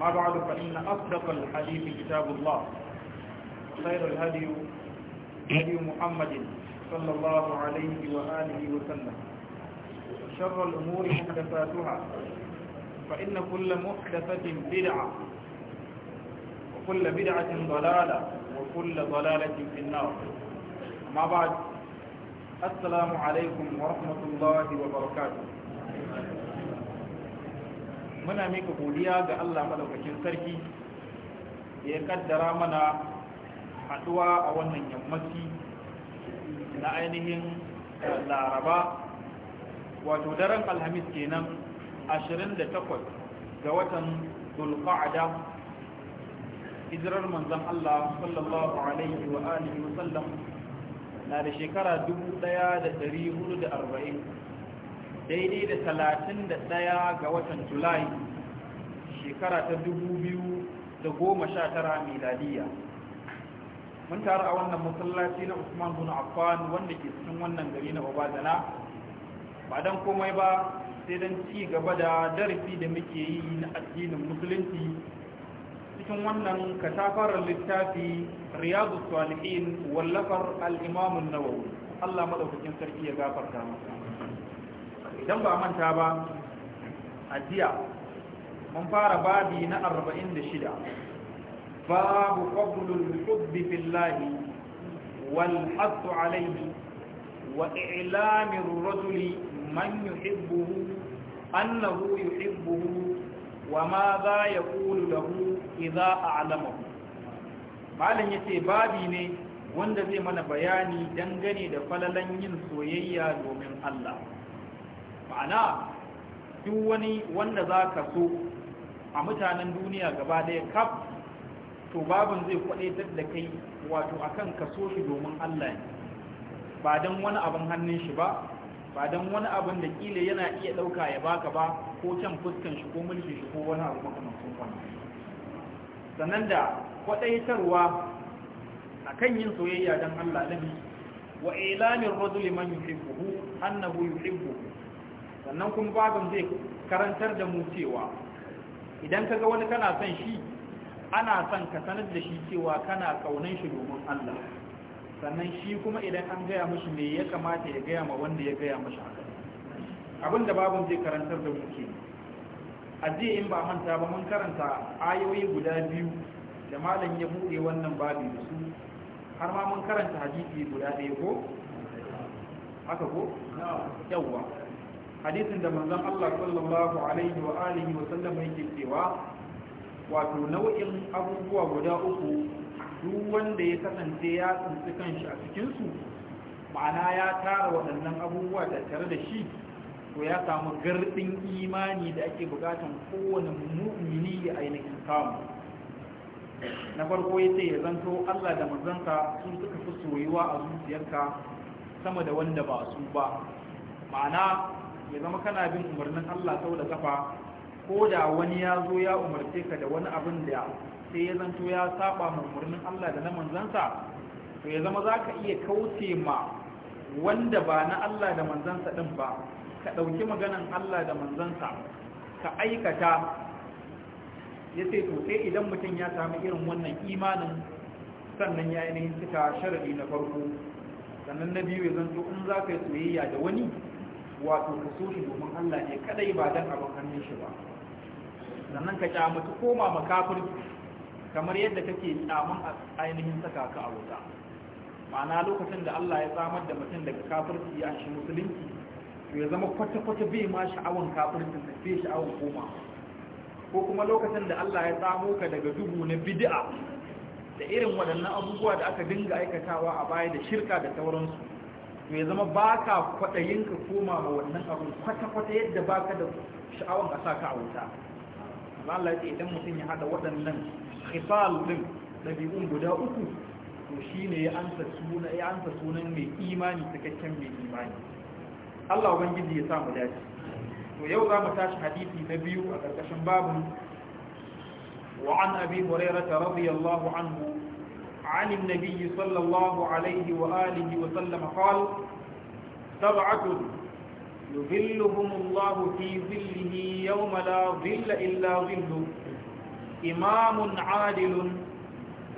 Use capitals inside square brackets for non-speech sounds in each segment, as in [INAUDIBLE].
ما بعد فإن أصدق الحديث كتاب الله وخير الهدي هدي محمد صلى الله عليه وآله وسلم وشر الأمور محدثاتها فإن كل محدثة بدعة وكل بدعة ضلالة وكل ضلالة في النار ما بعد السلام عليكم ورحمة الله وبركاته muna mika godiya ga Allah madaukakin sarki da ya kaddara mana haduwa a wannan yammaci na ainihin eh, laraba wato daren alhamis kenan 28 ga watan dulqaada hijirar manzon Allah sallallahu alaihi wa alihi wa sallam na da shekara 1440 daidai da talatin da ɗaya ga watan julai shekara ta dubu biyu da goma sha tara miladiya mun taru a wannan masallaci na usman bin affan wanda ke cikin wannan gari na babazana ba don komai ba sai don ci gaba da darasi da muke yi na addinin musulunci cikin wannan katafarar littafi riyadu salihin wallafar al'imamun nawawi allah maɗaukacin sarki ya gafarta masa idan ba manta ba a jiya mun fara babi na 46 babu fadlul hubbi fillahi wal hadd alayhi wa i'lamir rajuli man yuhibbuhu annahu yuhibbuhu wa ma za hu lahu a a'lamahu malam yace babi ne wanda zai mana bayani dangane da falalan yin soyayya domin Allah ma'ana duk wani wanda za ka so a mutanen duniya gaba ɗaya kaf to babin zai kwaɗaitar da kai wato akan ka so shi domin Allah ne ba don wani abin hannun shi ba ba don wani abin da kila yana iya ɗauka ya baka ba ko can fuskan shi ko mulki shi ko wani abu makamancin wannan sannan da kwaɗaitarwa a kan yin soyayya don Allah nabi wa ilamin rajuli man yuhibbuhu annahu yuhibbuhu sannan kuma babin zai karantar da mu cewa idan kaga wani kana son shi ana son ka sanar da shi cewa kana kaunan shi domin Allah sannan shi kuma idan an gaya mashi me ya kamata ya gaya ma wanda ya gaya mashi haka abin da babin zai karantar da mu ke a in ba manta ba mun karanta ayoyi guda biyu da malam ya buɗe wannan babi da su har ma mun karanta hadisi guda ɗaya ko haka ko yawwa hadisin da manzon Allah sallallahu alaihi wa alihi wa sallam yake cewa wato nau'in abubuwa guda uku duk wanda ya kasance ya tsinci kanshi a cikin su ma'ana ya tara waɗannan abubuwa da tare da shi to ya samu garɗin imani da ake bukatan kowane mu'mini ya ainihin samu na farko ya ce ya zanto Allah da manzanka sun suka fi soyuwa a zuciyarka sama da wanda ba su ba ma'ana ya zama kana bin umarnin Allah sau da kafa ko da wani ya zo ya umarce ka da wani abin da sai ya zanto ya saba ma umarnin Allah da na manzansa to ya zama za ka iya kauce ma wanda ba na Allah da manzansa ɗin ba ka ɗauki maganan Allah da manzansa ka aikata ya ce to sai idan mutum ya sami irin wannan imanin sannan ya ainihin cika sharadi na farko sannan na biyu ya zanto in za ka yi soyayya da wani wato ka so shi domin Allah ne kadai ba dan abin hannun shi ba sannan ka kyamata koma makafir kamar yadda kake kyamun ainihin saka ka a wuta ma'ana lokacin da Allah ya samar da mutum daga kafirci ya shi musulunci to ya zama kwata-kwata bai ma sha'awan kafircin da bai sha'awan koma ko kuma lokacin da Allah ya samo ka daga dubu na bid'a da irin waɗannan abubuwa da aka dinga aikatawa a baya da shirka da sauransu to ya zama ba ka kwaɗayin ka koma ma wannan abin kwata-kwata yadda ba ka da sha'awan a sa ka a wuta Allah ya idan mutum ya haɗa waɗannan hisal din ɗabi'un guda uku to shine ya ansa suna ya ansa sunan mai imani cikakken mai imani Allah ubangiji ya sa mu dace to yau za mu tashi hadisi na biyu a ƙarƙashin babu wa an abi hurairah radiyallahu anhu عن النبي صلى الله عليه وآله وسلم قال سبعة يظلهم الله في ظله يوم لا ظل إلا ظله إمام عادل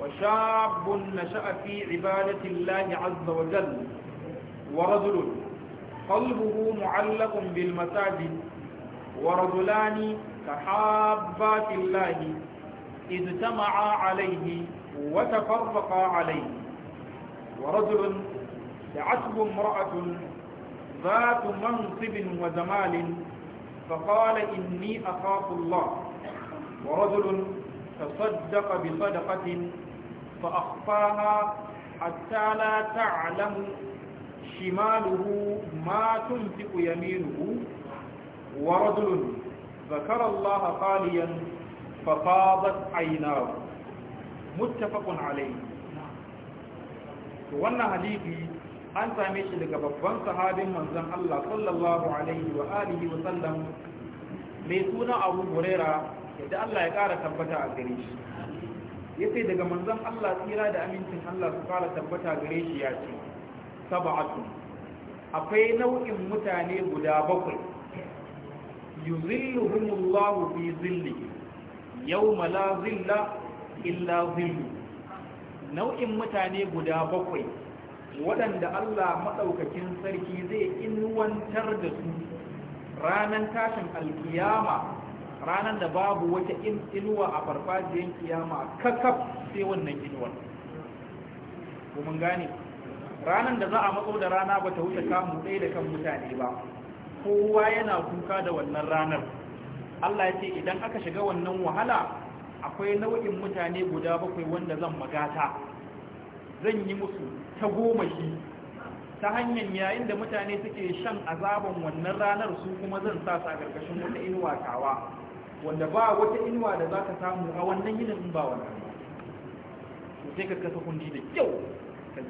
وشاب نشأ في عبادة الله عز وجل ورجل قلبه معلق بالمساجد ورجلان كحابات الله اجتمعا عليه وتفرق عليه ورجل دعته امرأة ذات منصب وزمال فقال إني أخاف الله ورجل تصدق بصدقة فأخفاها حتى لا تعلم شماله ما تنفق يمينه ورجل ذكر الله خاليا ففاضت عيناه muttafaqun alayhi to wannan hadisi an same shi daga babban sahabin manzon Allah sallallahu alaihi wa alihi wa sallam mai suna Abu Huraira yadda Allah ya kara tabbata a gare shi yace daga manzon Allah tsira da amincin Allah su kara tabbata gare shi ya ce sab'atun akwai nau'in mutane guda bakwai yuzilluhumullahu fi zillihi yawma la zilla illa zillu nau'in mutane guda bakwai waɗanda Allah maɗaukakin sarki zai inuwantar da su ranan tashin alkiyama ranan da babu wata inuwa a farfajiyar kiyama kakaf sai wannan inuwar kuma gane ranar da za a matso da rana ba ta wuce kamu ɗaya da kan mutane ba kowa yana kuka da wannan ranar Allah ya ce idan aka shiga wannan wahala akwai nau'in mutane guda bakwai wanda zan magata zan yi musu ta goma shi ta hanyar yayin da mutane suke shan azaban wannan ranar su kuma zan sa sa ƙarƙashin wata inuwa tawa wanda ba wata inuwa da za ka samu a wannan yinin ba wannan sai ka kasa kundi da kyau ka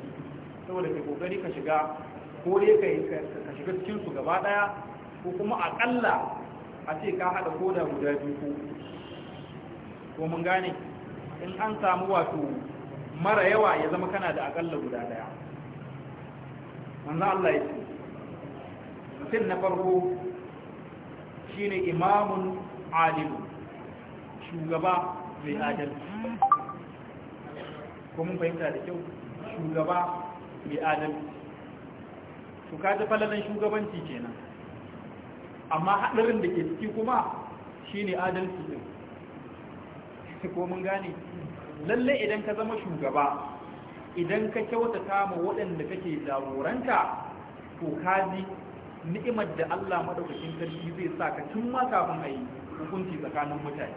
saboda kokari ka shiga ko dai ka shiga cikin gaba daya ko kuma akalla a ce ka hada koda guda biyu ko ko mun gane in an samu wato mara yawa ya zama kana da akalla guda daya manzo Allah ya ce mutum na farko shine imamun alimu shugaba mai adalci ko mun fahimta da kyau shugaba mai adalci to kaji falalan shugabanci kenan amma haɗarin da ke ciki kuma shine adalci din ko mun gane lalle idan ka zama shugaba idan ka kyauta ma waɗanda kake jagoranta to ka ji ni'imar da Allah madaukakin sarki zai sa ka tun ma kafin a yi hukunci tsakanin mutane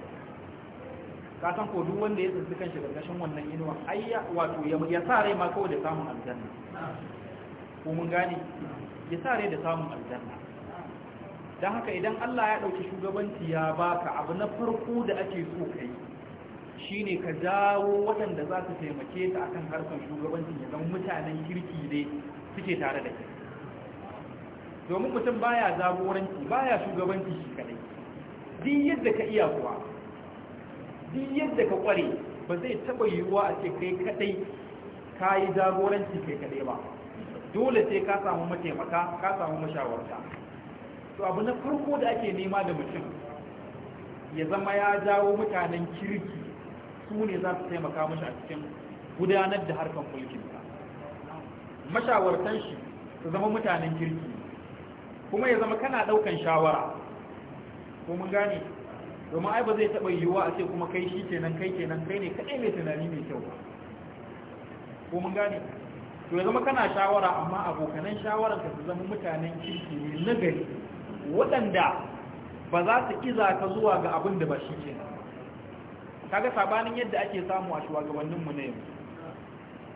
ka san ko duk wanda ya tsinci kanshi kashin wannan inuwa ayya wato ya sa rai ma kawai da samun aljanna ko mun gane ya sa rai da samun aljanna Dan haka idan Allah ya ɗauki shugabanci ya baka abu na farko da ake so ka yi Shi ne ka jawo waɗanda za su taimake a kan harkar shugabancin ya zama mutanen kirki ne suke tare da ke domin mutum baya jagoranci baya shugabanci shi kadai duk yadda ka iya kuwa duk yadda ka kware ba zai taba yiwuwa a ce kai kadai ka yi jagoranci kai kadai ba dole sai ka samu mataimaka ka samu mashawarta to abu na farko da ake nema da mutum ya zama ya jawo mutanen kirki su ne za su taimaka mashi a cikin gudanar da harkar mulkinsa mashawartan shi su zama mutanen kirki kuma ya zama kana ɗaukan shawara ko mun gane domin ai ba zai taɓa yiwuwa a ce kuma kai shi kenan kai kenan kai ne kaɗai mai tunani mai kyau ko mun gane to ya zama kana shawara amma abokanan shawarar ka su zama mutanen kirki ne nagari waɗanda ba za su iza ka zuwa ga abin da ba shi kenan kaga sabanin yadda ake samu a shugabanninmu na yau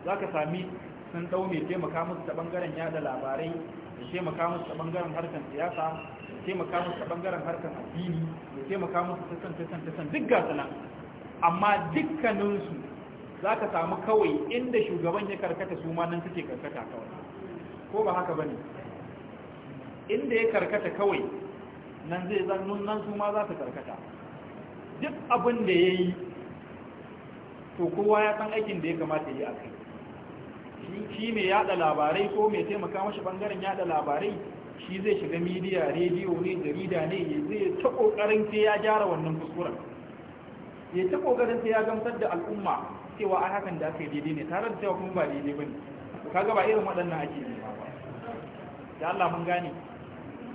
za ka sami sun daune taimaka musu ta bangaren yada labarai da taimaka musu ta bangaren harkar siyasa da taimaka musu ta bangaren harkar addini da taimaka musu ta san san san duk gasu nan amma dukkaninsu za ka samu kawai inda shugaban ya karkata su ma nan suke karkata kawai ko ba haka ba ne inda ya karkata kawai nan zai zan nan su ma za su karkata duk abin da ya yi to kowa ya san aikin da ya kamata yi a kai shi ne yada labarai ko mai taimaka mashi bangaren yada labarai shi zai shiga midiya rediyo ne jarida ne ya zai ta kokarin sai ya gyara wannan kuskuren ya ta kokarin sai ya gamsar da al'umma cewa a hakan da aka yi daidai ne tare da cewa kuma ba daidai ba ne kaga ba irin waɗannan ake nema ba da Allah mun gane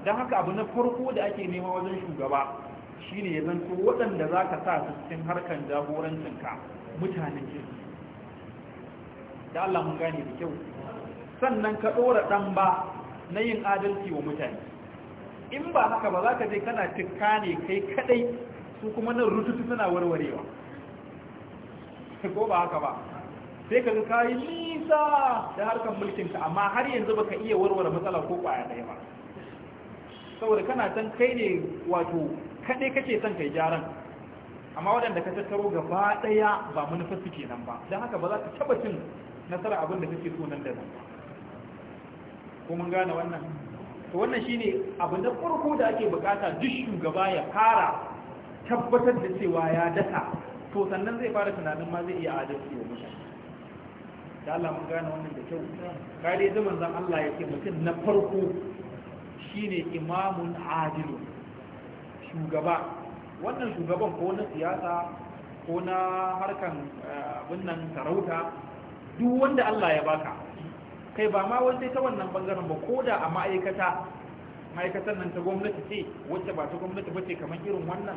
don haka abu na farko da ake nema wajen shugaba shine ya zanto waɗanda za ka sa su cikin harkar jagorancinka mutanen jirgin da Allah mun gane da kyau sannan ka ɗora ɗan ba na yin adalci wa mutane in ba haka ba za ka je kana cikka ne kai kadai su kuma nan rututu suna warwarewa ko ba haka ba sai ka ga kayi nisa da harkar mulkinka amma har yanzu baka iya warware matsala ko kwaya ɗaya ba saboda kana san kai ne wato kaɗai kake son kai jaran amma waɗanda ka tattaro gaba ɗaya ba manufar su kenan ba don haka ba za ka taɓa cin nasara abin da kake so nan da nan ko mun gane wannan to wannan shine abu na farko da ake bukata duk shugaba ya fara tabbatar da cewa ya dasa to sannan zai fara tunanin ma zai iya adalci wa mutane da Allah mun gane wannan da kyau kare zaman zan Allah ya ce mutum na farko shine imamun adilu shugaba wannan shugaban ko na siyasa ko na harkan eh, abin sarauta duk wanda Allah ya baka kai ba ma wani ta wannan bangaren ba ko da a ma'aikata ma'aikatar nan ta gwamnati ce wacce ba ta gwamnati ba ce kamar irin wannan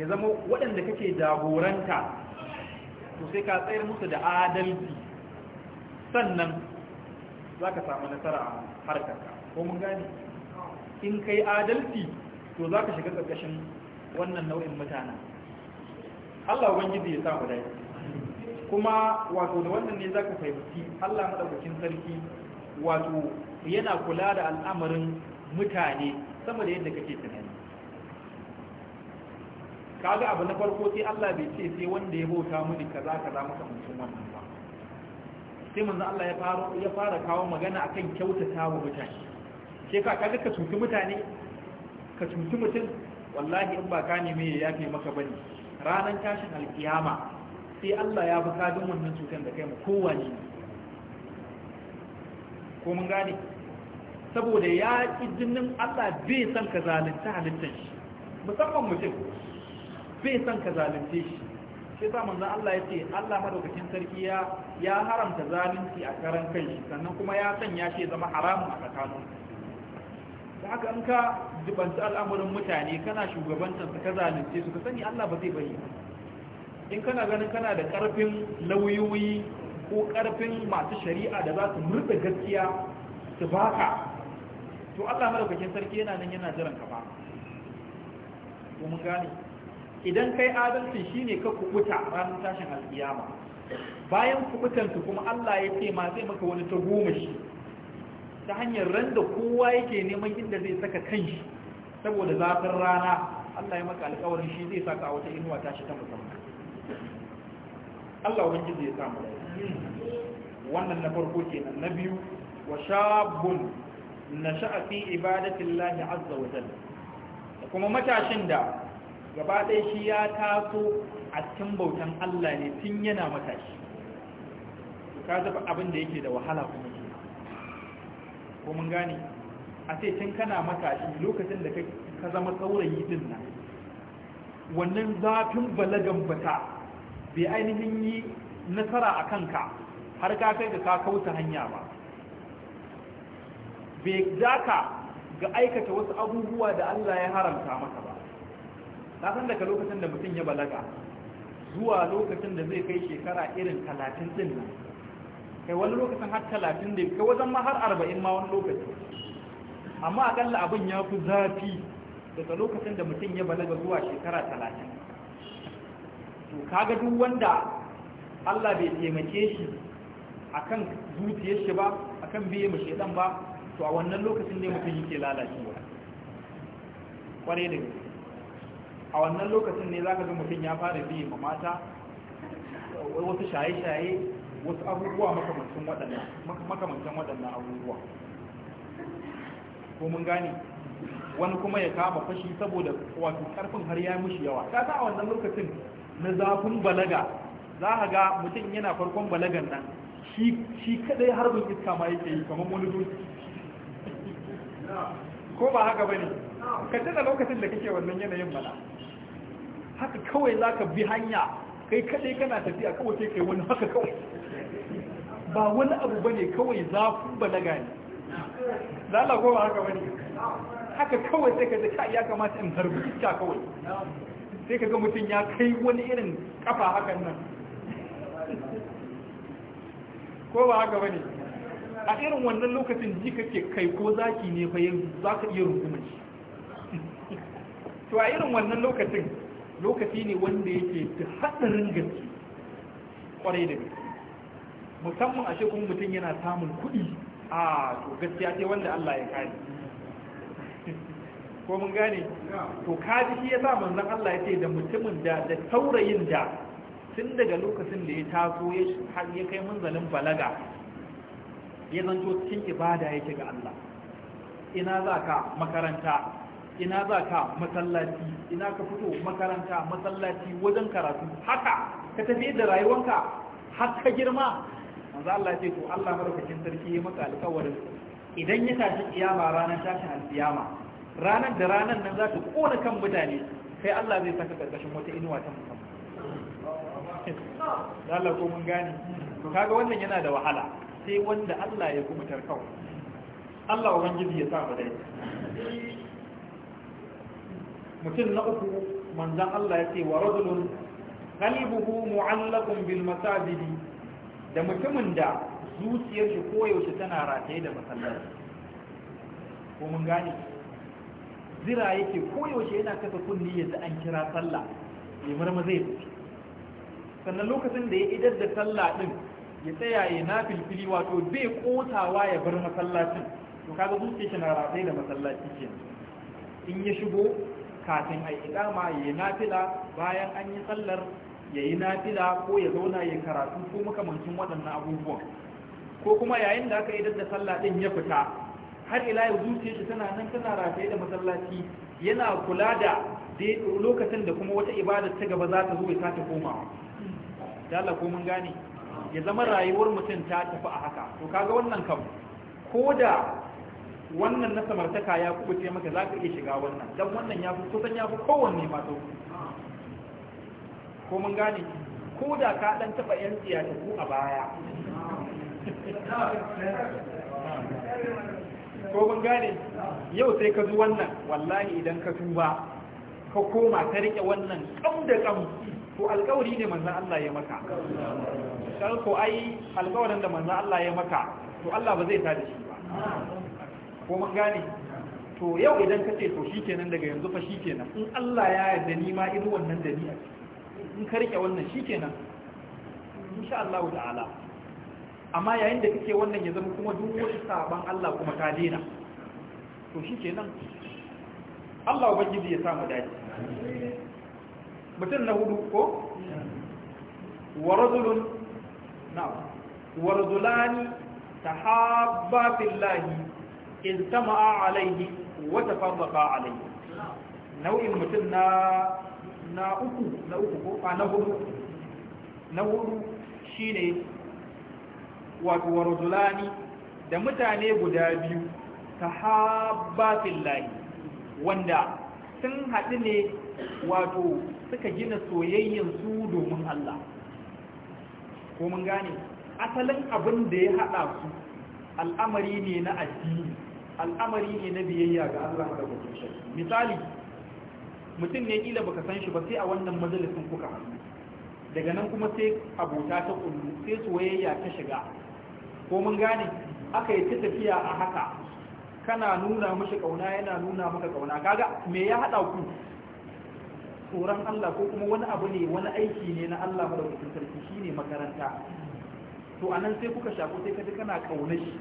ya zama waɗanda kake jagoranta to sai ka tsayar musu da adalci sannan za ka samu nasara a harkarka ko mun gani in kai adalci to za ka shiga ƙarƙashin wannan nau'in mutana. Allah ubangiji ya sa mu dace kuma wato da wannan ne zaka fahimci Allah madaukakin sarki wato yana kula da al'amarin mutane sama da yadda kake tunani kaga abu na farko sai Allah bai ce sai wanda ya bauta mini kaza kaza maka mutum wannan ba sai manzo Allah ya fara ya fara kawo magana akan kyautata wa mutane sai ka kaga ka tuki mutane ka tuki mutum wallahi in ba ka neme ya yafe maka bane ranar tashin alkiyama sai Allah ya fi kadin wannan cutar da kai mu kowane ko mun gane saboda ya ki jinin Allah bai san ka zalunta halittar shi musamman mutum bai san ka zalunce shi sai sa manzon Allah ya ce Allah madaukakin sarki ya ya haramta zalunci a karan kai sannan kuma ya sanya shi zama haramun a tsakanin da aka in ka jibanci al'amuran mutane kana su ka zalunce su ka sani Allah ba zai bari in kana ganin kana da karfin lauyoyi ko karfin masu shari'a da za su murda gaskiya su baka to Allah madaukakin sarki yana nan yana jiran ka ba gane idan kai adalci shine ka kubuta ranar tashin alkiyama bayan kubutan kuma Allah ya ce ma zai maka wani ta tagomashi ta hanyar randa kowa yake neman inda zai saka kanshi saboda zafin rana Allah ya maka alƙawarin shi zai saka a wata inuwa tashi ta musamman Allah wani zai samu wannan na farko kenan na biyu wa shabun na sha'afi ibadatin lahi azza wa jalla da kuma matashin da gaba ɗaya shi ya taso a cikin bautan Allah ne tun yana matashi ka zaba abin da yake da wahala kuma ko mun gane a ce tun kana matashi lokacin da ka zama saurayi din nan wannan zafin balagan bata bai ainihin yi nasara a kanka har ka kai da ka kauta hanya ba bai daka ga aikata wasu abubuwa da Allah ya haramta maka ba na san daga lokacin da mutum ya balaga zuwa lokacin da zai kai shekara irin talatin din nan kai wani lokacin har talatin da kai wajen ma har arba'in ma wani lokaci amma akalla abin ya fi zafi daga lokacin da mutum ya balaga zuwa shekara talatin to kaga duk wanda Allah bai taimake shi a kan zuciyar shi ba a kan biye mu shedan ba to a wannan lokacin ne mutum yake lalacewa kware da a wannan lokacin ne za ka ga mutum ya fara biye ma mata wasu shaye-shaye wasu abubuwa makamancin waɗannan abubuwa ko mun gane wani kuma ya kama fashi saboda wato karfin har ya mushi yawa ka a wannan lokacin na zafin balaga za a ga mutum yana farkon balagan nan shi kadai harbin iska ma yake yi kamar wani doki ko ba haka bane ka tana lokacin da kake wannan yanayin bala haka kawai za ka bi hanya kai kadai kana tafiya kawai sai kai wani haka kawai ba wani abu bane kawai zafin balaga ne lalago ba haka wani haka kawai sai ka zaka ya kamata in zarbi iska kawai sai ka ga mutum ya kai wani irin kafa hakan nan ko ba haka bane a irin wannan lokacin ji kake kai ko zaki ne fa za ka iya rungumar shi to a irin wannan lokacin lokaci ne wanda yake da haɗarin gaske kwarai da gaske musamman a kuma mutum yana samun kuɗi a to gaskiya ce wanda Allah ya kare ko mun gane to kaji shi ya sa manzon Allah ya ce da mutumin da da taurayin da tun daga lokacin da ya taso ya har ya kai balaga ya zanto cikin ibada yake ga Allah ina za ka makaranta ina za ka masallaci ina ka fito makaranta masallaci wajen karatu haka ka tafi da rayuwanka har ka girma manzo Allah ya ce to Allah madaukakin sarki ya maka alƙawarin idan ya tashi kiyama ranar tashin alkiyama ranar da ranar nan za ta kona kan mutane sai Allah zai saka karkashin wata inuwa ta musamman Allah ko mun gane to kaga wannan yana da wahala sai wanda Allah ya kuma tarkau Allah ubangiji ya sa mu mutum na uku manzon Allah ya ce wa rajulun qalbuhu mu'allaqun bil masajidi da mutumin da zuciyar shi koyaushe tana rataye da masallaci ko mun gane zira yake koyaushe yana kasa kunni yanzu an kira sallah ya marma zai fi sannan lokacin da ya idar da sallah din ya tsaya ya na filfili wato bai kotawa ya bar masallacin to kaga zuciyar shi na rataye da masallaci ke in ya shigo kafin a idama ya fila bayan an yi sallar ya yi nafila ko ya zauna ya karatu ko makamancin waɗannan abubuwan ko kuma yayin da aka yi da sallah ɗin ya fita har ila yau zuciyar shi tana nan tana rataye da masallaci yana kula da lokacin da kuma wata ibadar ta gaba za ta zo ya sake komawa dala ko mun gane ya zama rayuwar mutum ta tafi a haka to kaga wannan kam ko da wannan na samartaka ya kubuce maka za ka iya shiga wannan dan wannan ya fi kusan ya fi kowanne ma sauki ko mun gane ko da ka dan taba yan siyasa ku a baya ko mun gane yau sai ka zo wannan wallahi idan ka tuba ka koma ka rike wannan kam da kam ko alƙawari ne manzon Allah ya maka kar ko ai alƙawarin da manzon Allah ya maka to Allah ba zai tada shi ba ko mun gane to yau idan ka ce to shikenan daga yanzu fa shikenan in Allah ya yarda ni ma irin wannan da ni a ciki in ka rike wannan shikenan insha Allah ta'ala amma yayin da kake wannan ya zama kuma duk wani saban Allah kuma ka dena to shikenan Allah ubangiji ya samu dace mutum na hudu ko wa na'am wa rajulani tahabba fillahi tama'a alayhi wa tafarraqa alayhi nau'in mutum na na uku na uku ko a na hudu na hudu shine wato da mutane guda biyu tahabba fillahi wanda sun haɗu ne wato suka gina soyayyen su domin Allah ko mun gane asalin abin da ya haɗa su al'amari ne na addini al'amari ne na biyayya ga Allah da misali mutum ne kila baka san shi ba sai a wannan majalisin kuka hannu daga nan kuma sai abota ta kullu sai soyayya ta shiga ko mun gane aka yi ta tafiya a haka kana nuna mishi kauna yana nuna maka kauna kaga me ya haɗa ku tsoron Allah ko kuma wani abu ne wani aiki ne na Allah madaukakin sarki shine makaranta to anan sai kuka shafu sai kaji kana kaunar shi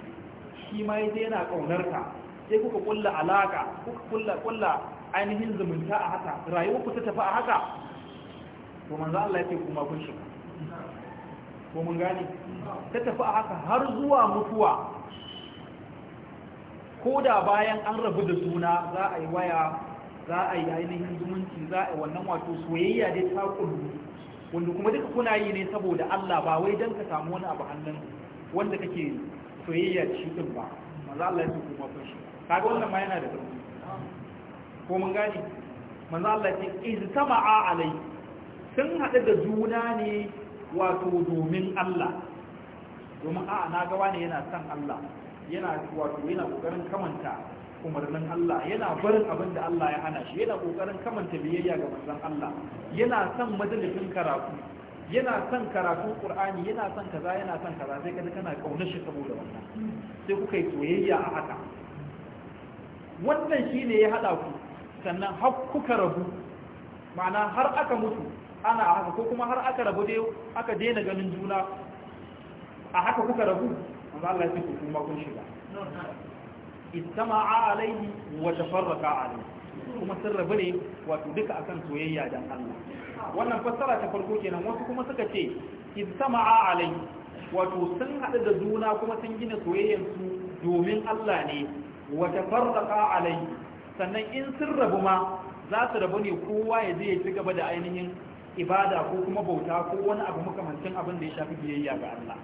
shi ma yaje yana kaunar ka sai kuka kulla alaka kuka kulla kulla ainihin zumunta a haka rayuwar ku ta tafi a haka to manzo Allah yake kuma kun shi ko mun gane ta tafi a haka har zuwa mutuwa ko da bayan an rabu da suna za a yi waya za a yi ainihin zumunci za a yi wannan wato soyayya dai ta kullu wanda kuma duka kuna yi ne saboda Allah ba wai don ka samu wani abu hannun wanda kake soyayya shi din ba manzo Allah yake kuma kun shi kaga wannan ma yana da ko mun gane manzo Allah ce iztama'a alai sun hada da juna ne wato domin Allah domin a na ga wani yana son Allah yana wato yana kokarin kamanta umarnin Allah yana barin abin da Allah ya hana shi yana kokarin kamanta biyayya ga manzon Allah yana son majalisin karatu yana son karatun qur'ani yana son kaza yana son kaza sai kaji kana kaunar shi saboda wannan sai kuka yi soyayya a haka wannan shine ya hada ku sannan har kuka rabu ma'ana har aka mutu ana haka ko kuma har aka rabu dai aka daina ganin juna a haka kuka rabu amma Allah ya ce kuma kun shiga istama'a alaihi wa tafarraqa alaihi kuma sun rabu ne wato duka akan soyayya da Allah wannan fassara ta farko kenan wasu kuma suka ce istama'a alaihi wato sun haɗu da juna kuma sun gina su domin Allah ne wa tafarraqa alaihi sannan in sun rabu ma za su rabu ne kowa ya zai ci gaba da ainihin ibada ko kuma bauta ko wani abu makamancin abin da ya shafi biyayya ga Allah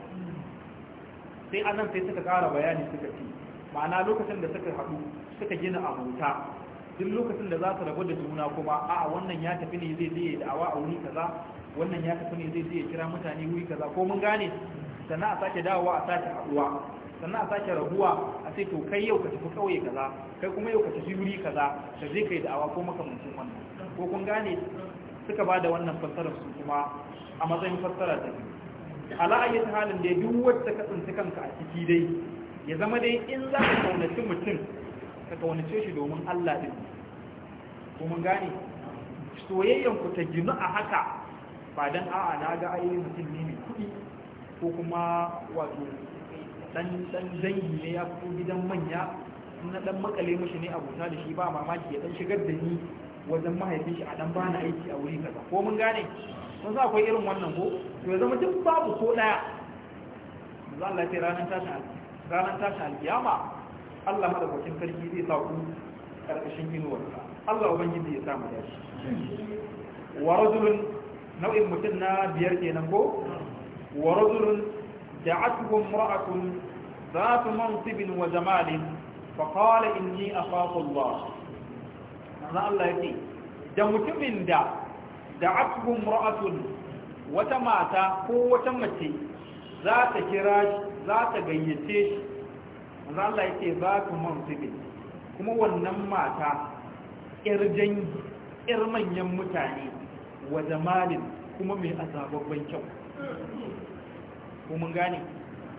sai anan sai suka kara bayani suka ce ma'ana lokacin da suka haɗu suka gina abota duk lokacin da za su rabu da juna kuma a wannan ya tafi ne zai je da'awa a wuri kaza wannan ya tafi ne zai zai kira mutane wuri kaza ko mun gane sannan a sake dawowa a sake haɗuwa sannan a sake raguwa a sai to kai yau ka tafi kawai kaza kai kuma yau ka tafi wuri kaza ka je kai da'awa ko mutum wannan ko kun gane suka ba wannan fassarar su kuma a matsayin fassara ta biyu ala ta halin da duk wacce ka tsinci kanka a ciki dai ya zama dai in za ka kaunaci mutum ka kaunace shi domin Allah din ko mun gane soyayyan ku ta ginu a haka ba dan a'a na ga ayi mutum ne mai kuɗi ko kuma wato dan dan dangi ne ya fito gidan manya na dan makale mishi ne abota da shi ba mamaki ya dan shigar da ni wajen mahaifin shi a dan bani aiki a wuri kaza ko mun gane Kun za akwai irin wannan ko to ya zama duk babu ko daya za Allah ya ranar tashin ranar ta alkiyama Allah madaukakin sarki zai sa ku karkashin inuwarsa Allah ubangiji ya sa mu shi. wa rajulun nau'in mutum na biyar kenan ko wa rajulun دعته امرأة ذات منصب وجمال فقال إني أخاف الله أنا الله يتي دمت من دع دعته امرأة وتمات قوة متي ذات كراج ذات قيتيش أنا الله يتي ذات منصب كما هو النمات إرجن إرمن يمتاني وجمال كما من أصابه بن ko mun gane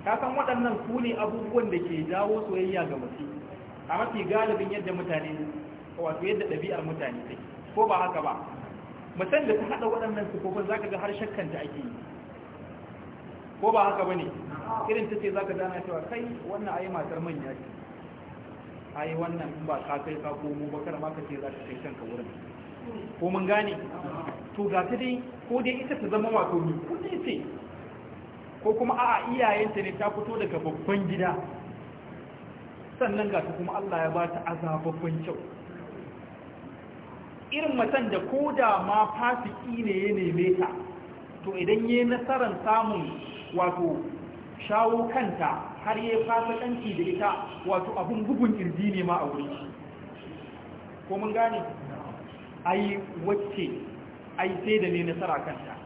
ka san waɗannan su ne abubuwan da ke jawo soyayya ga mutum a mafi galibin yadda mutane wato yadda ɗabi'ar mutane take ko ba haka ba mutum da ta haɗa waɗannan sufofin zaka ga har shakkanta ake yi ko ba haka ba ne irin ta za ka dana cewa kai wannan ayi matar manya ce ayi wannan in ba ka kai ka komo ba kar ma ka ce za ka kai kanka wurin ko mun gane to ga ta dai ko dai ita ta zama wato ni dai ce ko kuma a'a iyayenta ne ta fito daga babban gida sannan ga ta kuma Allah ya ba ta azababban kyau irin matan da ko da ma fasiki ne ya neme ta to idan ya yi nasarar samun wato shawo kanta har ya fasa ɗanki da ita wato abin bugun irji ne ma a wuri ko mun gane ai wacce ai sai da ne nasara kanta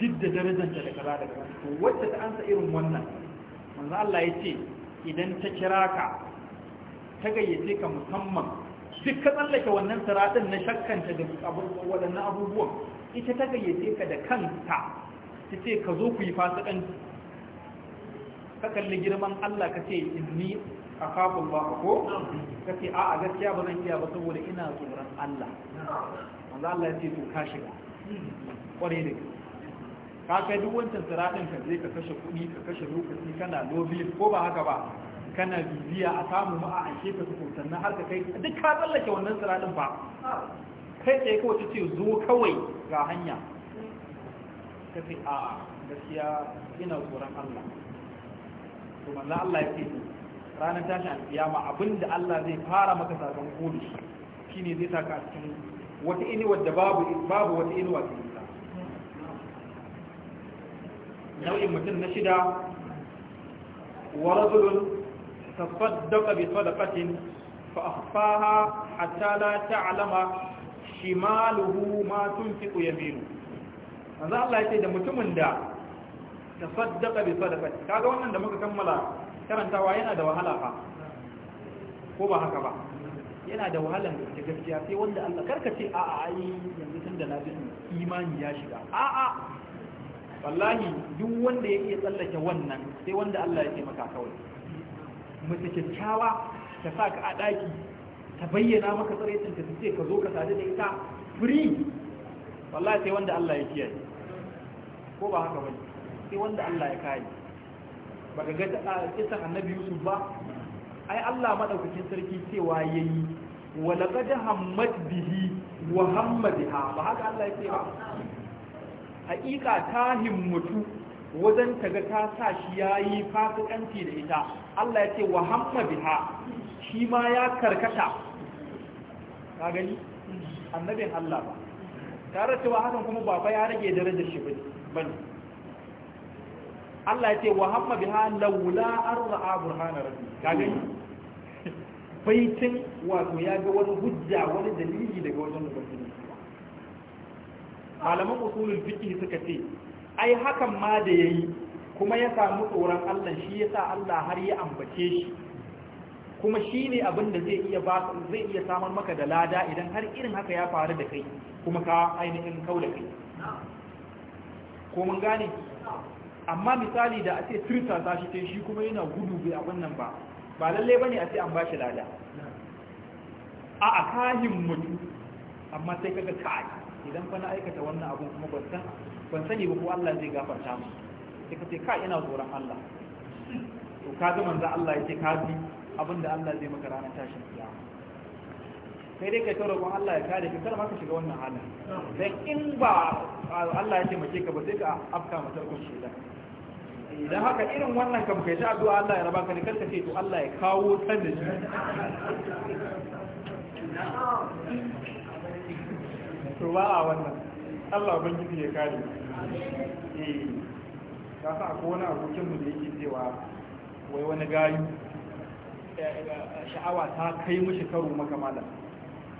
duk da darajanta da kaza da kaza to wacce ta ansa irin wannan manzo Allah ya ce idan ta kira ka ta gayyace ka musamman duk ka tsallake wannan siratin na shakkanta da waɗannan abubuwan ita ta gayyace ka da kanta ta ce ka zo ku yi fasikanci ka kalli girman Allah ka ce inni a ba ko ka ce a gaskiya ba zan iya ba saboda ina tsoron Allah manzo Allah ya ce to ka shiga kwarai da gaske ka kai duk wancan siratin ka je ka kashe kuɗi ka kashe lokaci kana lobi ko ba haka ba kana bibiya a samu ma a ake ka su sannan har ka kai duk ka tsallake wannan siratin ba kai tsaye kawai ta ce zo kawai ga hanya ka ce a gaskiya ina tsoron Allah to manzo Allah ya ce ranar tashin alkiyama abinda Allah zai fara maka sakamako da shi shine zai saka a cikin wata inuwa da babu babu wata inuwa yi nau'in mutum na shida wa rajulun tasaddaqa bi sadaqatin fa akhfaha hatta la ta'lama shimaluhu ma tunfiqu yaminu manzo Allah yake da mutumin da tasaddaqa bi sadaqatin kaga wannan da muka kammala karantawa yana da wahala fa ko ba haka ba yana da wahalan da gaskiya sai wanda Allah karkace a'a ai yanzu tunda na imani ya shiga a'a wallahi duk wanda ya iya tsallake wannan sai wanda Allah ya taimaka kawai mace kyakkyawa ta sa ka a ɗaki ta bayyana maka tsaraicin ta ce ka zo ka sadu da ita free wallahi sai wanda Allah ya kiyaye ko ba haka bane sai wanda Allah ya kare ba ga kisan annabi Yusuf ba ai Allah madaukakin sarki cewa yayi wa laqad hammat bihi wa hammadha ba haka Allah ya ce ba haƙiƙa ta himmutu wajen taga ta sa shi ya yi fasikanci da ita Allah ya ce wa hamma biha shi ma ya karkata ka gani annabin Allah ba tare cewa hakan kuma baba ya rage darajar shi ba ne Allah ya ce wa hamma biha laula an ra'a burhana rabbi ka gani baitin wato ya ga wani hujja wani dalili daga wajen ubangiji malaman usulul fiqi suka ce ai hakan ma da yayi kuma ya samu tsoron Allah shi yasa Allah har ya ambace shi kuma shi ne abin da zai iya ba zai iya samar maka da lada idan har irin haka ya faru da kai kuma ka ainihin kaula da kai ko mun gane amma misali da a ce tirsa za shi kai shi kuma yana gudu bai abin nan ba ba lalle bane a ce an ba shi lada a a kahin mutu amma sai kaga kai idan fa na aikata wannan abu kuma ban san ban sani ba ko Allah zai gafarta mu sai ka ce ka ina tsoron Allah to ka ga manzo Allah yake ka ji abinda Allah zai maka ranar tashin kiyama sai dai kai ta roƙon Allah ya kare ka kar ma ka shiga wannan halin dan in ba Allah ya taimake ka ba sai ka afka ma tarkon shaitan idan haka irin wannan kam kai ta addu'a Allah ya raba ka ne karka ce to Allah ya kawo san shi to ba a wannan Allah ubangiji ya kare eh ka sa ko wani abokin mu da yake cewa wai wani gayu eh, eh, sha'awa ta kai mishi karo maka malam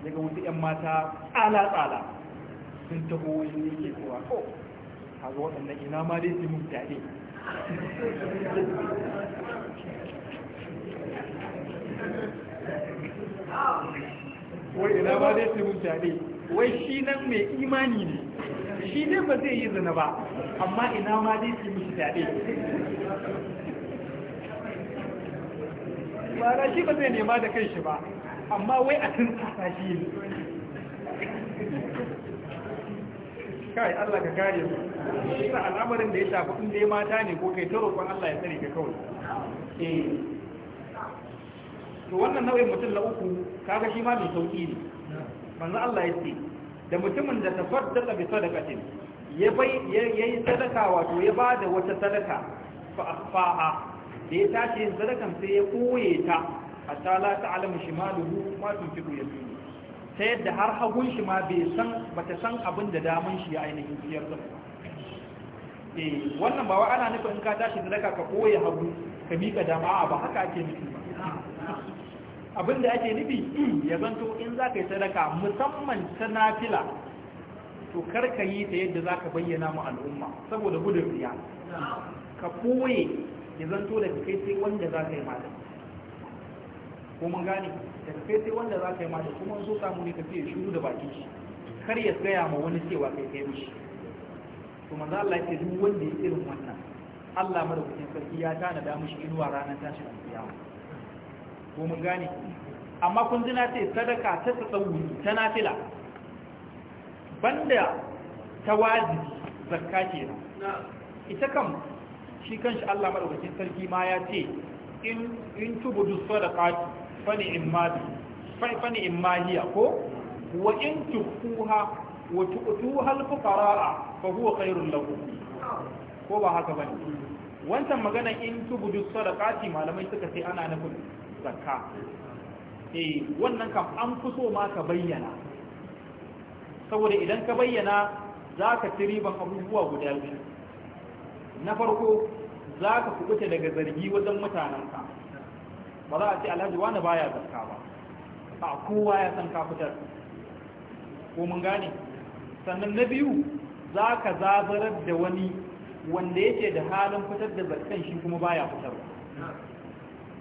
daga wasu 'yan mata tsala-tsala sun taho wani yake cewa ko a zo waɗannan ina ma dai su mun fyaɗe wai ina ma dai su mun fyaɗe wai shi nan mai imani ne shi ne ba zai yi zina ba amma ina ma dai su mishi daɗe bara shi ba zai nema da kai shi ba amma wai a tun kasa shi ne kai Allah ka gare mu shi na al'amarin da ya shafi in dai mata ne ko kai ta roƙon Allah ya tsare ka kawai eh to wannan nau'in mutum na uku kaga shi ma mai sauki ne manzo Allah ya ce da mutumin da tafaddaqa bi sadaqatin ya bai sadaka wato ya ba da wata sadaka fa'a, da ya tashi yin sadakan sai ya koye ta hatta la ta'lamu shimaluhu ma tunfiqu yaminu ta yadda har hagun shi ma bai san bata san abin da damun shi ya ainihin biyar ba eh, wannan ba wai ana nufin in ka tashi sadaka ka koye hagu ka mika dama ba haka ake nufi abin da ake nufi hmm, ya zanto in za ka yi sadaka musamman ta nafila to karka yi ta yadda za ka bayyana mu al'umma saboda gudun riya ka koye ya zanto daga kai sai wanda za ka yi mata ko mun gane daga kai sai wanda za ka yi mata kuma so samu ne ka fiye shiru da baki shi kar ya tsaya ma wani cewa kai kai mishi to manzo Allah ya ce duk wanda ya irin wannan Allah madaukakin sarki ya tana da mishi inuwa ranar tashin kiyama ko mun gane amma kun ji na ce sadaka ta tsawuri ta nafila banda ta wajibi zakka ce ita kam shi kanshi Allah madaukakin sarki ma ya ce in in tubudu sadaqati fani imma fani imma hiya ko wa in tukuha wa tu'tuha al-fuqara fa huwa khairul lakum ko ba haka bane wancan magana in tubudu sadaqati malamai suka ce ana nufin zakka eh wannan kam an fi so ma ka bayyana saboda idan ka bayyana za ka ci riban abubuwa guda biyu na farko za ka kubuta daga zargi wajen mutanenka ba za a ce alhaji wani baya zakka ba a kowa ya san ka fitar ko mun gane sannan na biyu za ka zabarar da wani wanda yake da halin fitar da zakkan shi kuma baya fitar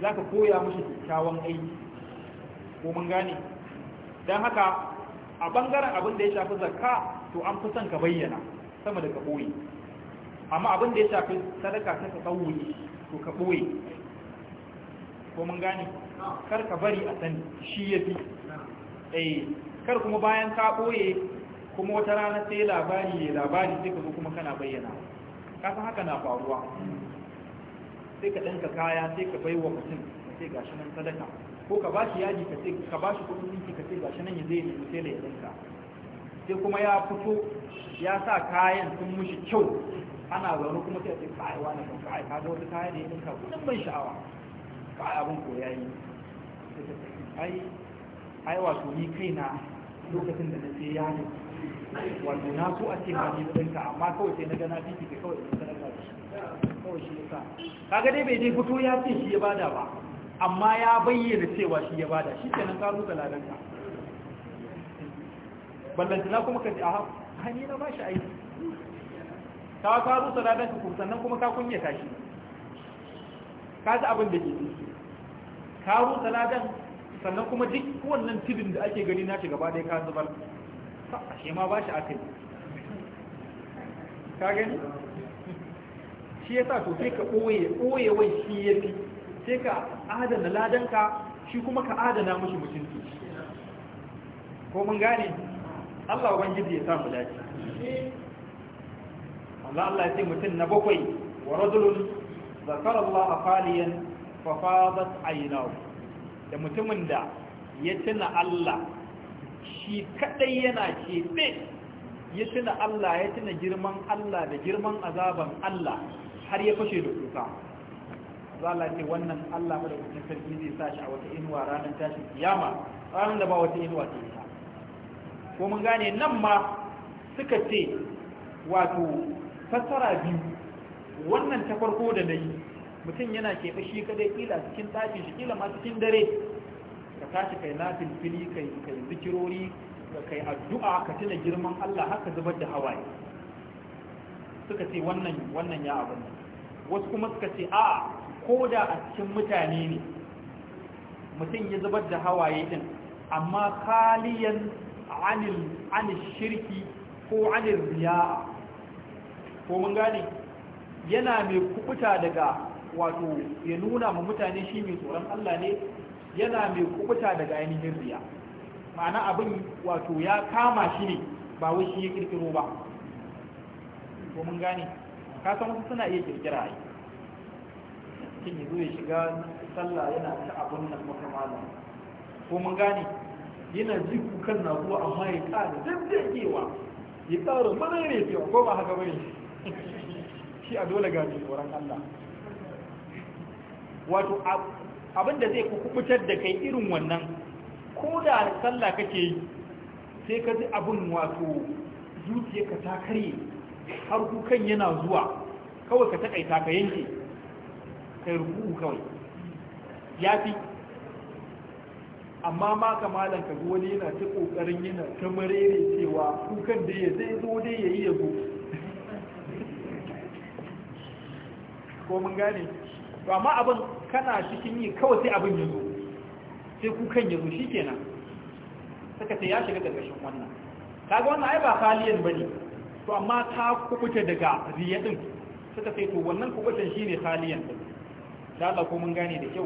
za ka koya mashi kyakkyawan aiki ko mun gane don haka a bangaren abin da ya shafi zarka to an fi son ka bayyana sama da ka ɓoye amma abin da ya shafi sadaka ta ka ɗauye to ka ɓoye ko mun gane kar ka bari a sani shi ya fi eh kar kuma bayan ka ɓoye kuma wata rana sai labari ya labari sai ka zo kuma kana bayyana kasan haka na faruwa sai ka ɗanka kaya sai ka bai wa mutum ka ce gashi nan sadaka ko ka ba shi yaji ka ce ka ba shi kuɗin ninki ka ce gashi nan ya zai yi sai da ya ɗanka sai kuma ya fito ya sa kayan sun mushi kyau ana zaune kuma sai a ce kai wani kan kai ka ga wata kaya da ya ɗanka kuɗin ban sha'awa kai abin koya yi ai ai wato ni kaina lokacin da na sai yaji wato na so a ce ma ni ɗanka amma kawai sai na ga na fifita kawai na sadaka kawai shi kaga dai bai dai fito ya ce shi ya bada ba amma ya bayyana cewa shi ya bada shi kenan ka rusa ladanka na kuma ka a hani na bashi aiki ka ka rusa ladanka ku sannan kuma ka kunya tashi ka ji abin da ke ciki ka rusa ladan sannan kuma duk wannan tudun da ake gani na shiga gaba ɗaya ka zubar ashe ma bashi akai ka gani shi ya sa to sai ka ɓoye wai shi ya fi sai ka adana ladanka shi kuma ka adana mashi mutunci ko mun gane Allah ubangiji ya samu dace Allah Allah ya ce mutum na bakwai wa rajulun zakar Allah faliyan fa fadat da mutumin da ya tuna Allah shi kadai yana ce ya tuna Allah ya tuna girman Allah da girman azaban Allah har ya fashe da kuka a ce wannan Allah madaukakin sarki zai sa shi a wata inuwa ranar tashin kiyama ranar da ba wata inuwa ce ta ko mun gane nan ma suka ce wato fassara biyu wannan ta farko da na yi mutum yana keɓe shi kadai kila cikin ɗakin shi kila ma cikin dare ka tashi kai na fili kai zikirori ka kai addu'a ka tuna girman Allah haka zubar da hawaye suka ce wannan ya abin wasu kuma suka ce a ko da a cikin mutane ne mutum ya zubar da hawaye din amma kaliyan anil shirki ko anil riya ko mun gane yana mai kubuta daga wato ya nuna ma mutane shi mai tsoron Allah ne yana mai kubuta daga ainihin riya ma'ana abin wato ya kama shi ne ba wai shi ya kirkiro ba ko mun gane ka san wasu suna iya kirkira ai cikin yanzu ya shiga sallah yana ta abun nan maka malam ko mun gane yana ji kukan na zuwa amma ya zai daddagewa ya ne fiye ko ba haka bane shi a dole gani tsoron Allah wato abin da zai kukubutar da kai irin wannan ko da sallah kake yi sai ka ji abin wato zuciyarka ta karye har kukan yana zuwa kawai ka takaita ka yanke kai ruku kawai ya fi amma ma malan ka wani yana ta kokarin yana ta marere cewa kukan da ya zai zo dai ya yi ya zo ko mun gane to amma abin kana cikin yi kawai sai abin ya zo sai kukan ya zo shi kenan suka ya shiga ƙarƙashin wannan kaga wannan ai ba ba bane to amma ta kubuta daga riyadin din suka sai to wannan kubutan shi khaliyan din da Allah ko mun gane da kyau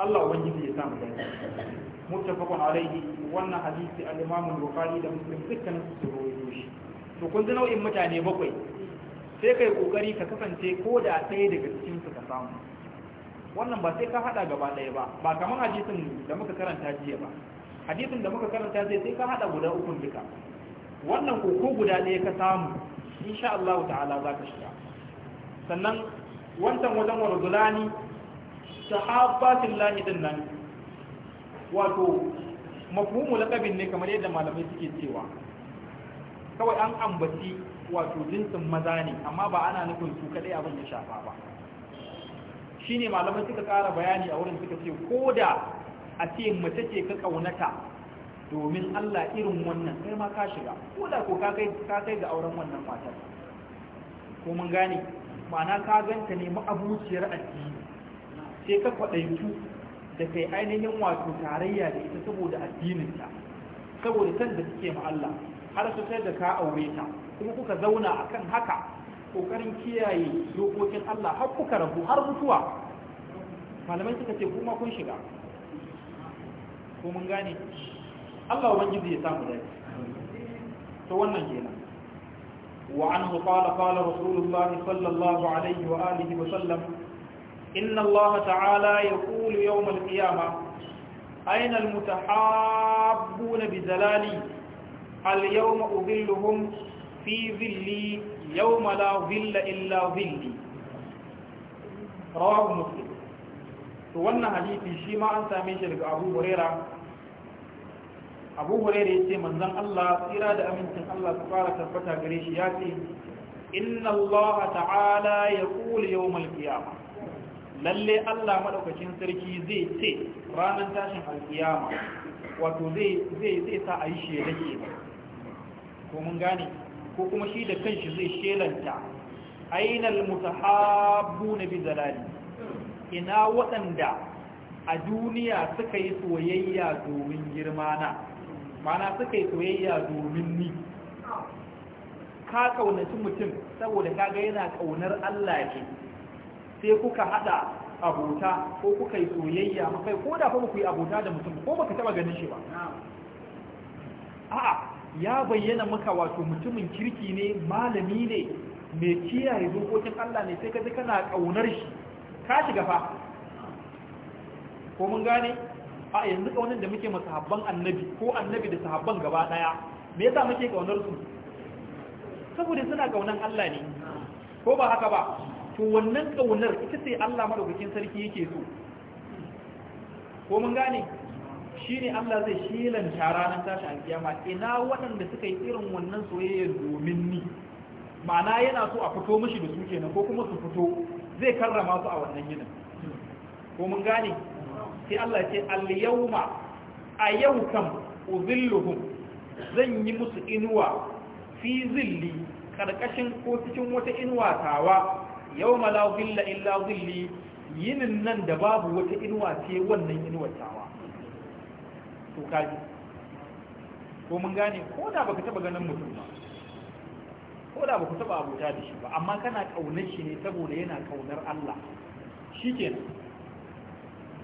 Allah ubangiji ya samu gani muttafaqun alaihi wannan hadisi al-Imam al-Bukhari da Muslim dukkan su rawaito shi to kun ji nau'in mutane bakwai sai kai kokari ka kasance ko da ɗaya daga cikin su ka samu wannan ba sai ka hada gaba ɗaya ba ba kamar hadisin da muka karanta jiya ba hadisin da muka karanta jiya sai ka hada guda uku duka wannan koko guda ɗaya ka samu insha Allah ta'ala za ka shiga sannan wancan wajen warzulani sahabbatin lahi lahidin nan wato mafhumu laƙabin ne kamar yadda malamai suke cewa kawai an ambaci wato jinsin maza ne amma ba ana nufin su kaɗai abin ya shafa ba Shi ne malamai suka ƙara bayani a wurin suka ce ko da a ce mace ce ka ƙaunata. domin Allah irin wannan kai ma ka shiga ko da ko ka kai ga auren wannan matar ko mun gane ma'ana ka ganta ne ma'abuciyar addini sai ka faɗaitu da kai ainihin wato tarayya da ita saboda addininta saboda san da take ma Allah har su sai da ka aure ta kuma kuka zauna akan haka kokarin kiyaye dokokin Allah har kuka rabu har mutuwa malamai suka ce kuma kun shiga ko mun gane Allah ubangiji ya samu dai to wannan kenan wa anhu qala qala rasulullah sallallahu alaihi wa alihi wa sallam inna Allah ta'ala yaqulu yawm al-qiyamah أين المتحابون بزلالي اليوم fi في yawma يوم لا ظل إلا ظلي رواه مسلم wannan hadisi shi ma an same shi daga Abu Huraira abu hurairu ya ce manzon Allah tsira da amincin Allah su fara tabbata gare shi ya ce inna Allah ta'ala ya kula yau malkiyama lalle Allah maɗaukacin sarki zai ce ranar tashin alkiyama wato zai sa a yi shela ke ko mun gane ko kuma shi da kanshi zai shelanta ainal mutahabbu na bi ina waɗanda a duniya suka yi soyayya domin girma na mana suka yi soyayya domin ni ka kaunaci mutum saboda ka ga yana kaunar Allah ne sai kuka hada abota ko kuka yi soyayya kai ko da kuma ku yi abota da mutum ko baka taba ganin shi ba a'a ya bayyana maka wato mutumin kirki ne malami ne mai kiyaye dokokin Allah ne sai ka ji kana kaunar shi ka shiga fa ko mun gane a yanzu kaunar da muke masa annabi ko annabi da sahabban gaba daya me yasa muke kaunar su saboda suna kaunar Allah ne ko ba haka ba to wannan kaunar ita ce Allah madaukakin sarki yake so ko mun gane shi ne Allah zai shelanta ranar tashi kiyama ina waɗanda suka yi irin wannan soyayya domin ni ma'ana yana so a fito mishi da su kenan ko kuma su fito zai karrama su a wannan yinin ko mun gane sai Allah ya ce al-yawma a yau kam uzilluhum zan yi musu inuwa fi zilli karkashin ko cikin wata inuwa tawa yawma la zilla illa zilli yinin nan da babu wata inuwa ce wannan inuwar tawa to kaji ko mun gane ko da baka taba ganin mutum ba ko da baka taba abuta da shi ba amma kana kaunar shi ne saboda yana kaunar Allah shikenan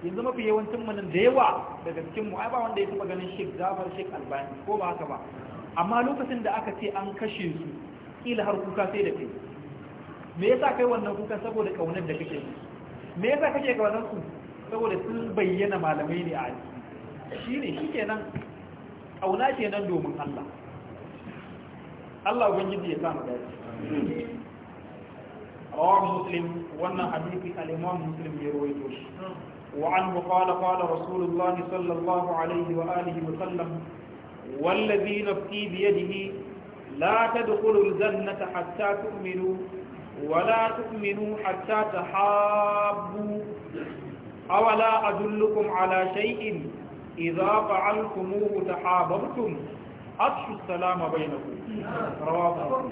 yanzu mafi yawancin manin da yawa daga cikin mu ai ba wanda ya taba ganin Sheikh Zafar Sheikh Albani ko ba haka ba amma lokacin da aka ce an kashe su kila har kuka sai da kai me yasa kai wannan kuka saboda kaunar da kake me yasa kake kaunar su saboda sun bayyana malamai ne a aji shi kenan kauna kenan domin Allah Allah ubangiji ya sa mu dace رواه مسلم وانا حديث الامام ya يروي وعنه قال قال رسول الله صلى الله عليه وآله وسلم والذي نفسي بيده لا تدخلوا الجنة حتى تؤمنوا ولا تؤمنوا حتى تحابوا أولا أدلكم على شيء إذا فعلتموه تحاببتم أفشوا السلام بينكم رواه مسلم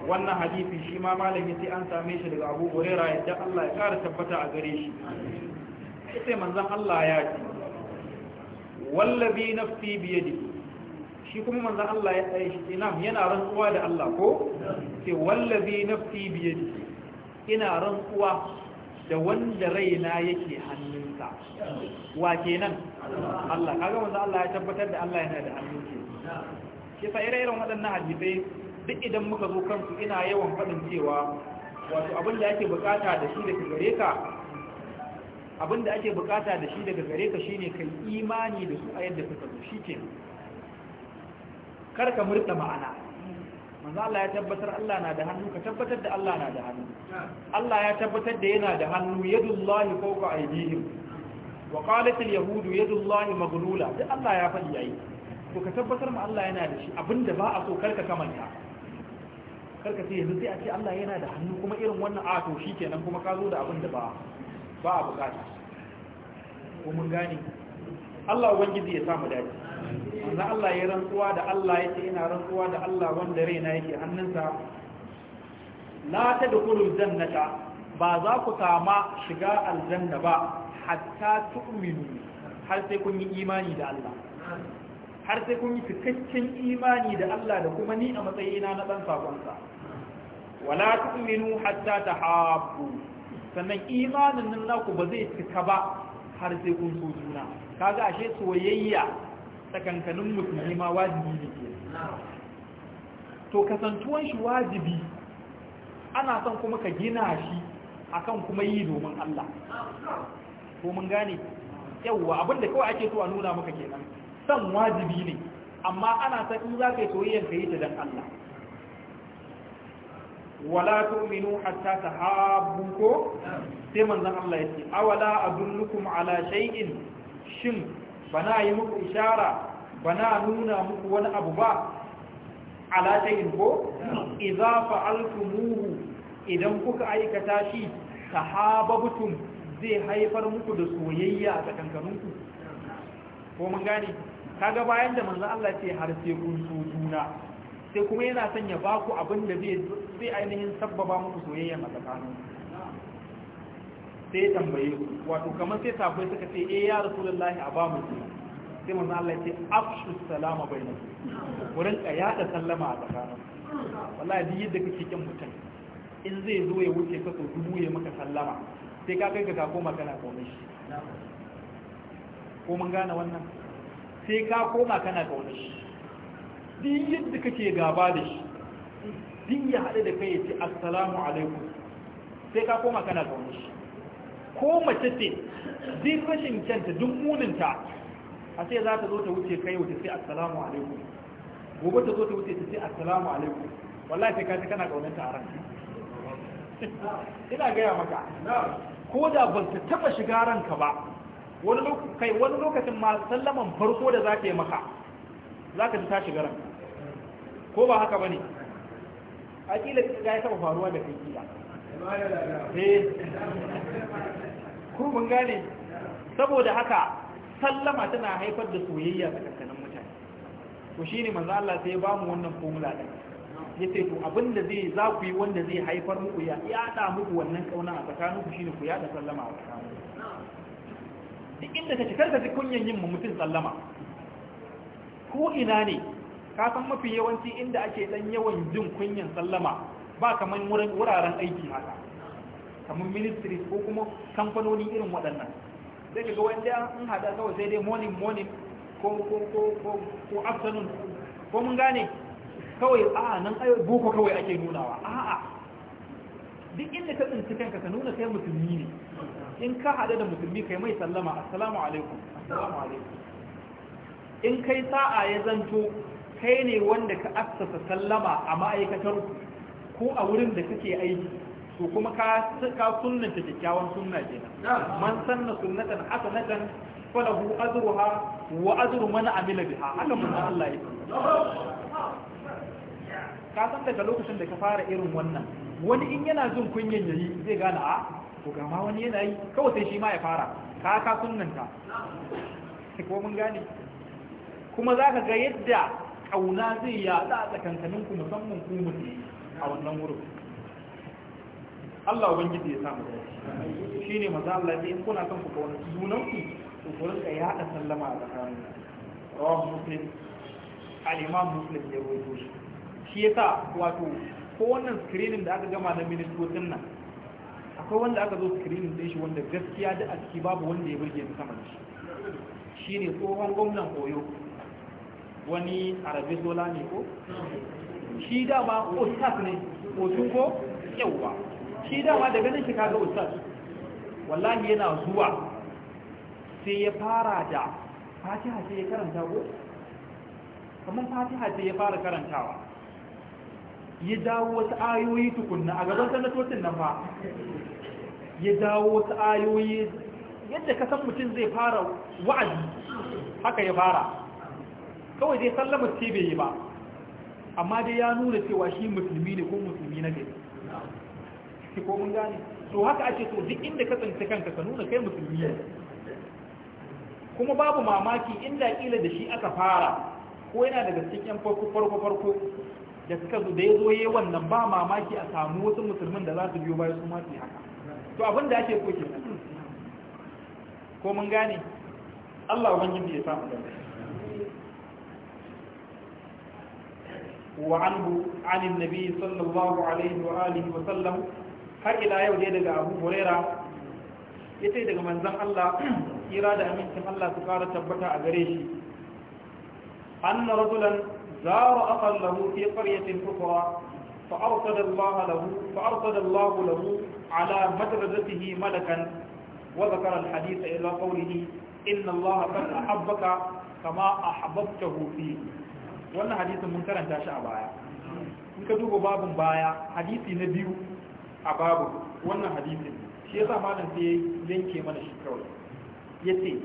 wannan hadisi shi ma malam yace an same shi daga Abu Hurairah yadda Allah ya kara tabbata a gare shi sai manzon Allah ya ce nafsi shi kuma manzon Allah ya tsaye shi ina yana rantsuwa da Allah ko ce wallazi nafsi biyadihi ina rantsuwa da wanda raina yake hannunsa wa kenan Allah kaga manzon Allah ya tabbatar da Allah yana da hannun shi shi sa ire-iren waɗannan hadisai duk idan muka zo kansu ina yawan faɗin cewa wato abin da yake bukata da shi da gare ka abin da ake bukata da shi daga gare ka shine kai imani da su a yadda suka zo shi ke karka murta ma'ana manzo Allah ya tabbatar Allah na da hannu ka tabbatar da Allah na da hannu Allah ya tabbatar da yana da hannu yadullahi fawqa aydihim wa qalat al-yahud yadullahi maghlula da Allah ya faɗi yayi to ka tabbatar ma Allah yana da shi abinda ba a so karka kamanta karka sai yanzu sai a ce Allah yana da hannu kuma irin wannan a to shikenan kuma ka zo da abinda ba ba a bukata ko mun gane Allah ubangiji ya samu daji. wannan Allah ya rantsuwa da Allah yake ina rantsuwa da Allah wanda raina yake hannunsa la Kudu jannata ba za ku kama shiga aljanna ba hatta tu'minu har sai kun yi imani da Allah har sai kun yi cikakken imani da Allah da kuma ni a matsayina na dan sakonsa wala tu'minu hatta tahabbu sannan imanin nan naku ba zai cika ba har sai kun so juna kaga ashe soyayya tsakankanin musulmi ma wajibi ne ke to kasantuwan shi wajibi ana son kuma ka gina shi akan kuma yi domin Allah ko mun gane yawwa abinda kawai ake so a nuna maka kenan san wajibi ne amma ana son in za ka yi soyayyar ka yi ta dan Allah wala tu'minu hatta tahabbu ko sai manzon Allah yake awala adullukum ala shay'in shin bana yi muku ishara bana nuna muku wani abu ba ala shay'in ko idza fa'altumuhu idan kuka aikata shi tahabbutum zai haifar muku da soyayya a kankaninku? ko mun gane kaga bayan da manzon Allah ce har sai kun so juna sai kuma yana son ya ba ku abin da zai ainihin sabbaba muku soyayya a tsakanin sai tambaye ku wato kamar sai tafai suka ce eh ya rasulullahi a ba mu sai mu Allah ya ce afshu salama bainakum ku rinka yada sallama a tsakanin wallahi duk yadda kake kin mutum in zai zo ya wuce ka so dubu ya maka sallama sai ka kai ka koma kana kaunar shi ko mun gane wannan sai ka koma kana kaunar shi din yadda kake gaba da shi din ya haɗu da kai ya ce assalamu alaikum sai ka koma kana zaune shi ko mace ce din rashin kyanta duk muninta a sai za ta zo ta wuce kai wuce sai assalamu alaikum gobe ta zo ta wuce ta ce assalamu alaikum wallahi sai ka ji kana kaunanta ta ranka [LAUGHS] ina gaya maka ko da ban ta taba shiga ranka ba wani lokacin ma sallaman farko da za ka yi maka za ka ji ta shiga ranka ko ba haka bane a kila ga ya taba faruwa da kai kila eh kurbin gane saboda haka sallama tana haifar da soyayya tsakanin mutane to shine manzo Allah sai ya ba mu wannan formula din yace to abinda zai za ku yi wanda zai haifar muku ya yada muku wannan kauna a tsakanin ku shine ku yada sallama a tsakanin duk inda ka cikar ka ji kunyan yin mutum sallama ko ina ne ka san mafi yawanci inda ake dan yawan jin kunyan sallama ba kamar wuraren aiki haka kamar ministry ko kuma kamfanoni irin waɗannan zai ga wanda an hada kawai sai dai morning morning ko ko ko ko afternoon ko mun gane kawai a nan ayo boko kawai ake nunawa a'a duk inda ka tsinci kanka ka nuna kai musulmi ne in ka hada da musulmi kai mai sallama assalamu alaikum assalamu alaikum in kai sa'a ya zanto kai ne wanda ka assasa sallama a ma'aikatar ko a wurin da kake aiki to kuma ka ka sunnanta kyakkyawan sunna kenan man sanna sunnatan hasanatan falahu ajruha wa ajru man amila biha haka mun Allah ya ka san daga lokacin da ka fara irin wannan wani in yana jin kunyan yayi zai gane a to ga ma wani yana yi kawai sai shi ma ya fara ka ka sunnanta ko mun gane kuma zaka ga yadda kauna zai yada a tsakankanin ku musamman ku mutu a wannan wurin Allah gidi ya samu da shi ne maza Allah ya kuna kan kuka wani sunan ku kuri ka ya yada sallama a tsakanin rawahu muslim al'imam imam muslim ya rawaito shi shi sa wato ko wannan screening da aka gama na ministocin nan akwai wanda aka zo screening din shi wanda gaskiya da a ciki babu wanda ya burge ni sama da shi Shi ne tsohon gwamnan koyo wani arabi zola ne ko shi dama ustaz ne otun ko yauwa shi dama daga nan shi kaga ustaz wallahi yana zuwa sai ya fara da fatiha sai ya karanta ko kamar fatiha sai ya fara karantawa ya dawo wasu ayoyi tukunna a gaban sanatocin nan ba ya dawo wasu ayoyi yadda kasan mutum zai fara wa'azi haka ya fara kawai dai sallama ce bai yi ba amma dai ya nuna cewa shi musulmi ne ko musulmi na gari ko mun gane to haka ake so duk inda ka tsinci kanka ka nuna kai musulmi ne kuma babu mamaki inda kila da shi aka fara ko yana daga cikin farko farko farko da suka zo da ya zo yayi wannan ba mamaki a samu wasu musulmin da za su biyo bayan su ma su haka to abin da ake ko kenan ko mun gane Allah ubangiji ya samu da وعنه عن النبي صلى الله عليه وآله وسلم ila yau dai daga abu huraira ya daga manzan Allah kira da amincin Allah su kara tabbata a gare shi an na rajulan zaro akan lahu fi ƙaryatin kufura فأرصد الله له فأرصد الله له على مدرسته ملكا وذكر الحديث إلى قوله إن الله قد أحبك كما أحببته فيه wannan hadisin mun karanta shi a baya in ka duba babun baya hadisi na biyu a babu wannan hadisin shi yasa malam sai yanke mana shi kawai yace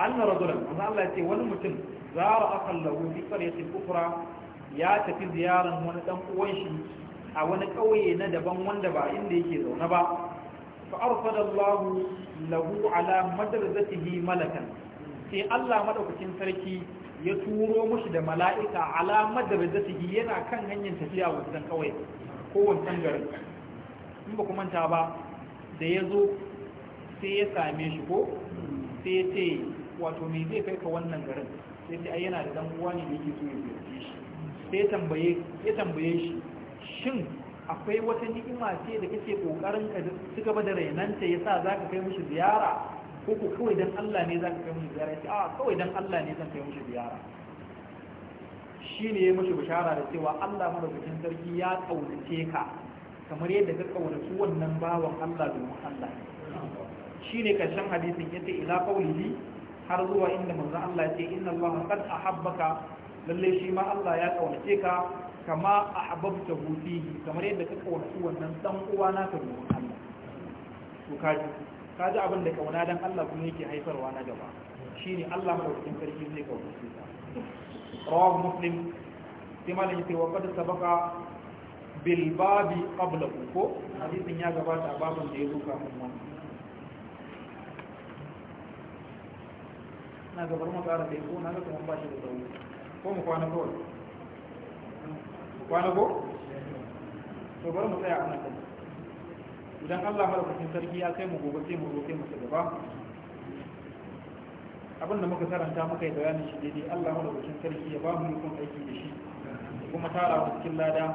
anna rajulan manzo Allah yace wani mutum zara akallahu fi qaryatin ukhra ya tafi ziyaran wani dan uwan shi a wani kauye na daban wanda ba inda yake zaune ba fa arfada Allah lahu ala madrasatihi malakan sai Allah madaukakin sarki ya turo mushi da mala'ika alamar da rajatihi yana kan hanyar tafiya wajen kawai ko wancan garin in ba kuma ta ba da ya zo sai ya same shi ko sai ya ce wato me zai kai ka wannan garin sai ce ai yana da dan uwa ne da yake so ya ziyarce shi sai ya tambaye ya tambaye shi shin akwai wata ni'ima ce da kake kokarin ka suka gaba da rainanta yasa zaka kai mishi ziyara ko ko kawai dan Allah ne za ka kai mun ziyara ya a kawai dan Allah ne zan kai mun ziyara shi ne ya mushi bishara da cewa Allah madaukakin sarki ya kaunace ka kamar yadda ka kaunaci wannan bawan Allah domin Allah shi ne karshen hadisin yace ila qaulihi har zuwa inda manzon Allah yace ce inna Allah qad ahabbaka lalle shi ma Allah ya kaunace ka kama ahabbta fihi kamar yadda ka kaunaci wannan dan uwa ka domin Allah to kaji ka ji abin da kauna dan Allah kuma yake haifarwa na gaba shine Allah madaukakin sarki zai kaunace ta rawahu muslim sai malam yace wa qad sabaqa bil babi qablahu ko hadisin ya gabata a babin da ya zo kafin wannan na gabar mu tsara da ko na ga kuma ba shi da tsawo ko mu kwana ko kwana ko to bari mu tsaya a nan idan Allah madaukakin sarki ya kai mu gobe sai mu roƙe masa gaba abin da muka karanta muka yi bayanin shi daidai Allah madaukakin sarki ya ba mu ikon aiki da shi kuma tara cikin lada